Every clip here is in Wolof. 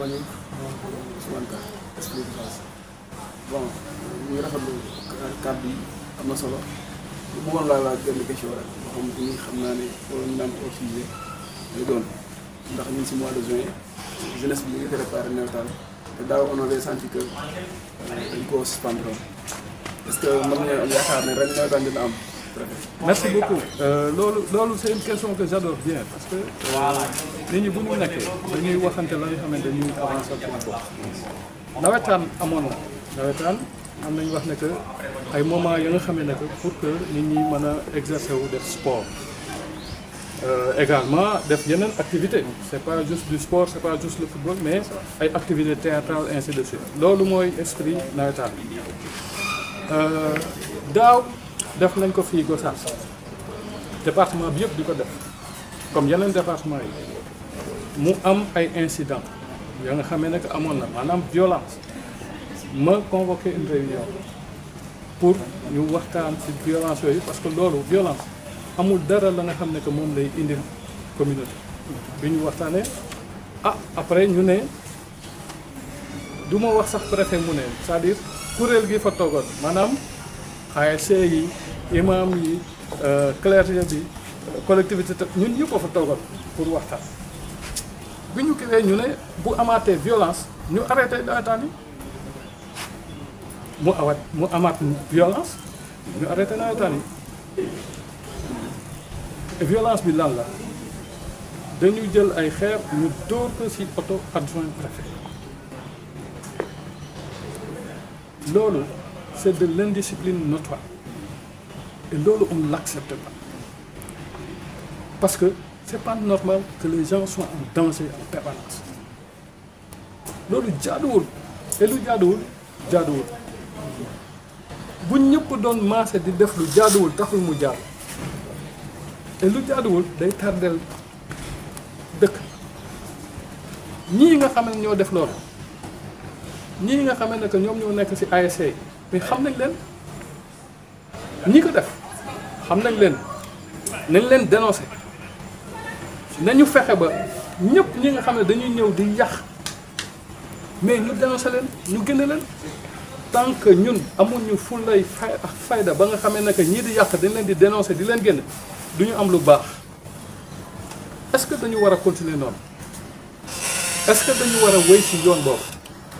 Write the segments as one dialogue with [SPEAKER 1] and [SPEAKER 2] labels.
[SPEAKER 1] wane moom Ousmane Ka esprit de bon ñuy rafetlu kàddu yi am na solo mu bëggoon laa laaj benn question rek boo xam ni xam naa ne waroon naan au sujet doon ndax ñun si mois de juin jeunesse bi ñu ngi préparé nawetaan te daaw on avait senti que euh, dañ koo que mën nga am yaakaar ne ren nawetaan dina am. merci beaucoup euh, c'est une question que j'adore bien parce que nous ñi bu ñu nous dañuy waxante la nga xamante ni avancé suñu bopp nawetaan amoon na nawetaan am nañu wax ne que ay moment ya nga xamee pour que ni ñi exercer le sport euh, également a une activité c'est pas juste du sport c'est pas juste le football mais ay activité théâtrale ainsi de suite loolu mooy esprit nous. def nañ ko fii Gossas département bi yëpp di ko def comme yeneen département yi mu am ay incident ya nga xamee ne amoon na maanaam violence ma convoqué une réunion pour ñu waxtaan ci violence yooyu parce que loolu violence amul dara la nga xam ne que moom lay indi communauté bi ñu waxtaanee ah après ñu ne du ma wax sax préfet mu ne c'est-à-dire kuréel gi fa toogoon maanaam ASC e yi imam yi euh, clergé bi collectivité ñun ñëpp a fa pour waxtaan bi ñu kiwee ñu ne bu amaatee violence ñu arrêté nawetaan yi mu awat mu amaat violence ñu arrêté nawetaan yi violence bi lan la dañu jël ay xeer ñu dóor ko ci oto adjoint préfet loolu c'est de l'indiscipline notoire. Et l'autre, on ne l'accepte pas. Parce que ce n'est pas normal que les gens soient en danger en permanence. le jadou. te le jaaduwul bu jadou, doon maase di def lu jaaduwul taxul mu jaadu le lu day le nga ne ñoo def nga que mais xam nañ leen ñi ko def xam nañ leen nañ leen dénoncé nañu fexe ba ñëpp ñi nga xam ne dañuy ñëw di yàq mais ñu dénoncé leen ñu génne leen tant que ñun amuñu ful lay fay fayda ba nga xamee ne ñii di yàq dañ leen di dénoncé di leen génn du ñu am lu baax est-ce que dañu war a continuer noonu est que dañu war a wéy ci yoon boobu.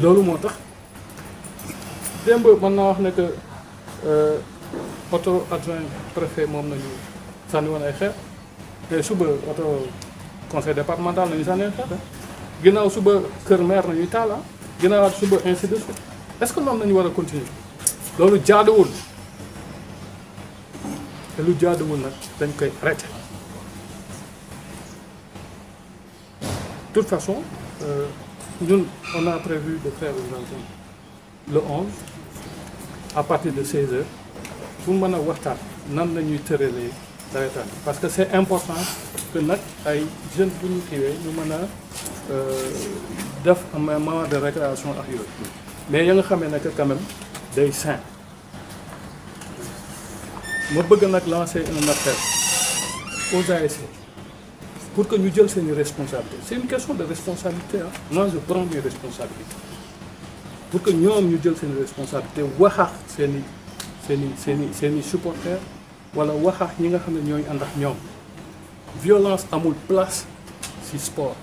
[SPEAKER 1] loolu moo tax démb mën naa wax ne que euh, oto adjoint préfet moom nañu sànni woon ay xeer te suba oto conseil départemental nañu sànni ay xeer ginnaaw suba kër maire nañuy taal ah. ginnaawaat suba ainsi de est-ce que loolu nañu war a continuer loolu jaaduwul te lu jaaduwul nag dañ koy arrêté toute façon euh, nous, on a prévu de faire une le 11 à partir de 16h pour que nous puissions nous la parce que c'est important que nous, ay jeunes qui ñu kiiwee nous euh, un moment de récréation mais ya nga quand même des saints. Je bëgg lancer une appel aux ASC e pour que nous jeunes c'est une responsabilité. C'est une question de responsabilité. Hein. Moi, je prends mes responsabilités. Pour que nous, nous jeunes c'est une responsabilité. Wahar, c'est une supporter. Voilà, wahar, nous Violence a une place si sport.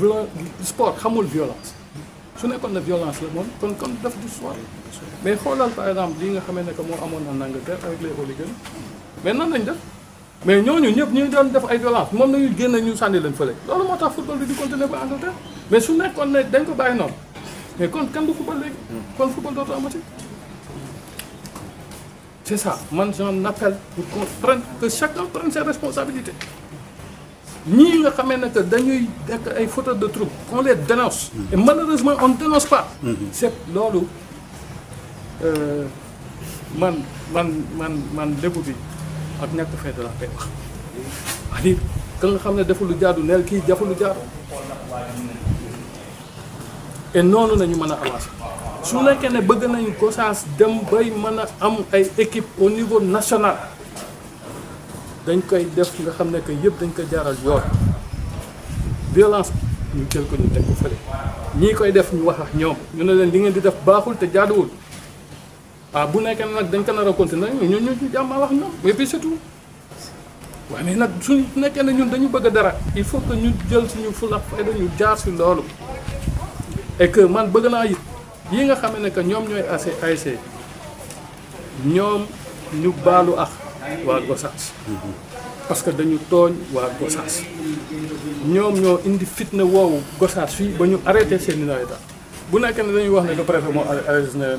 [SPEAKER 1] Le sport a une violence. Ce n'est pas une violence, c'est comme du soir. Mais regarde par exemple, ce que nous avons en Angleterre avec les hooligans. Maintenant, nous mais nous, nous, ñu doon def ay violence moom nañu Nous ñu sànni football bi di continuer mais su nekkoon ne dañ ko mais kon kan du football kon football c'est ça man j'en appelle pour que chacun prenne ses responsabilités Nous nga xamee de troupes, qu'on les dénonce et malheureusement on ne dénonce pas mm-hmm. c'est loolu euh, man man man man ak ñàkk fayda laa nga xam ne dafa lu jaadu neel kii jafa lu jaadu noonu nañu mën a avancer su nekkee ne bëgg nañu Gossas dem bay mën a am ay équipe au niveau national dañ koy def nga xam ne que yëpp dañ ko jaaral yoon violence ñu jël ko ñu teg ko fële ñii koy def ñu wax ak ñoom ñu ne leen li ngeen di def baaxul te jaaduwul waa ah, bu nekkee nag dañ ko nar a continuer ñu ñu jàmmal wax ñoom et puis surtout waaye mais nag su nekkee ne ñun dañu bëgg dara il faut que ñu jël suñu fulla fayda ñu jaar si loolu et que man bëgg naa it yi nga xam ne que ñoom ñooy ac ASC ñoom ñu baalu ax waa Gossas parce que dañu tooñ waa Gossas ñoom ñoo indi fitna woowu Gossas fii ba ñu arrêté seen i nawetaan bu nekkee ne dañuy wax ne que ay moo arrêté seen i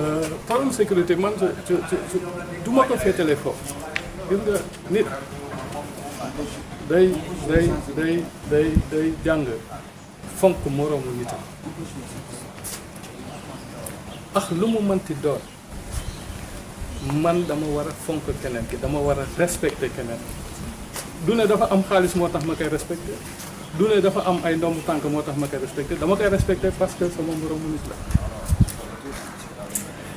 [SPEAKER 1] Euh, problème sécurité man su su du duma ko féetalee foofu gis nga nit day day day day day jàng fonk moroomu nitam ak lu mu mënti doon man dama war a fonk keneen ki dama war a respecter keneen du ne dafa am xaalis moo tax ma koy respecter du ne dafa am ay ndombu tànk moo tax ma koy respecter dama koy respecter parce que sama moroomu nit la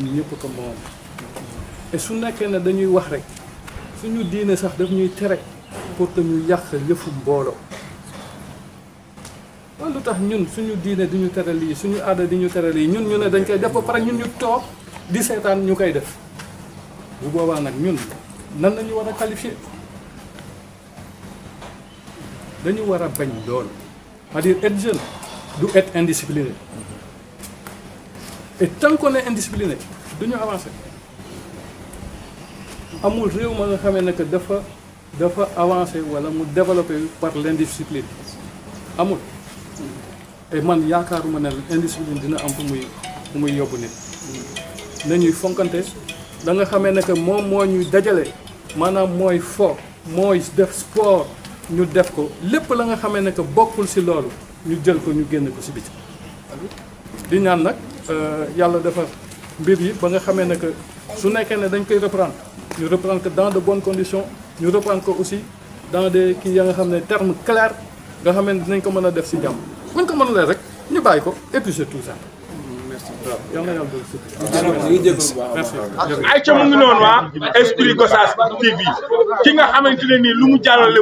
[SPEAKER 1] ñun ñëpp ko moom et su nekkee ne dañuy wax rek suñu diine sax daf ñuy tere pour te ñu yàq yëfu mbooloo loolu lu tax ñun suñu diinee di ñu tere lii suñu aada di ñu tere lii ñun ñu ne dañ koy def ba pare ñun ñu toog di seetaan ñu koy def bu boobaa nag ñun nan lañu war a qualifier dañu war a bañ loolu c'est-à-dire du être indiscipliné et tant qu'on est indiscipliné duñu avancer amul réew ma nga xamee ne dafa dafa avancer wala mu développer par l'indiscipline amul et man yaakaaruma ne l'indiscipline dina am fu muy fu muy yóbbu nit nañuy fonkanté da nga xamé ne mom mo ñuy dajalé manam moy fo moy def sport ñu def ko lepp la nga xamé ne bokul ci lolu ñu jël ko ñu génn ko ci bitt. di ñaan nak euh, yalla dafa mbir yi ba nga xamé ne su nekké né dañ koy reprendre ñu reprendre que dans de bonnes conditions ñu reprendre ko aussi dans des ki nga xamné terme clair nga xam ne dinañ ko mëna def ci jàmm buñ ko mëna lé rek ñu bay ko et puis c'est tout ça. ay ca mu ngi noonu waa esprit Gossas TV ki nga xamante ne nii lu mu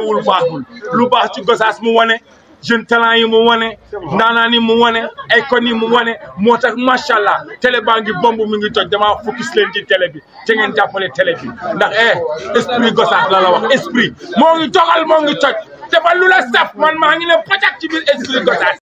[SPEAKER 1] wul baaxul lu baax ci Gossas mu wane jeune talent yi mu wane ndaanaan mu wane icône yi mu wane moo tax macha allah télé baa ngi bomb mu ngi toj damaa focus leen ci bi te ngeen jàppale télé bi ndax eh esprit Gossas la la moo ngi doxal moo ngi toj dafa lu la man maa ngi ne pocak ci biir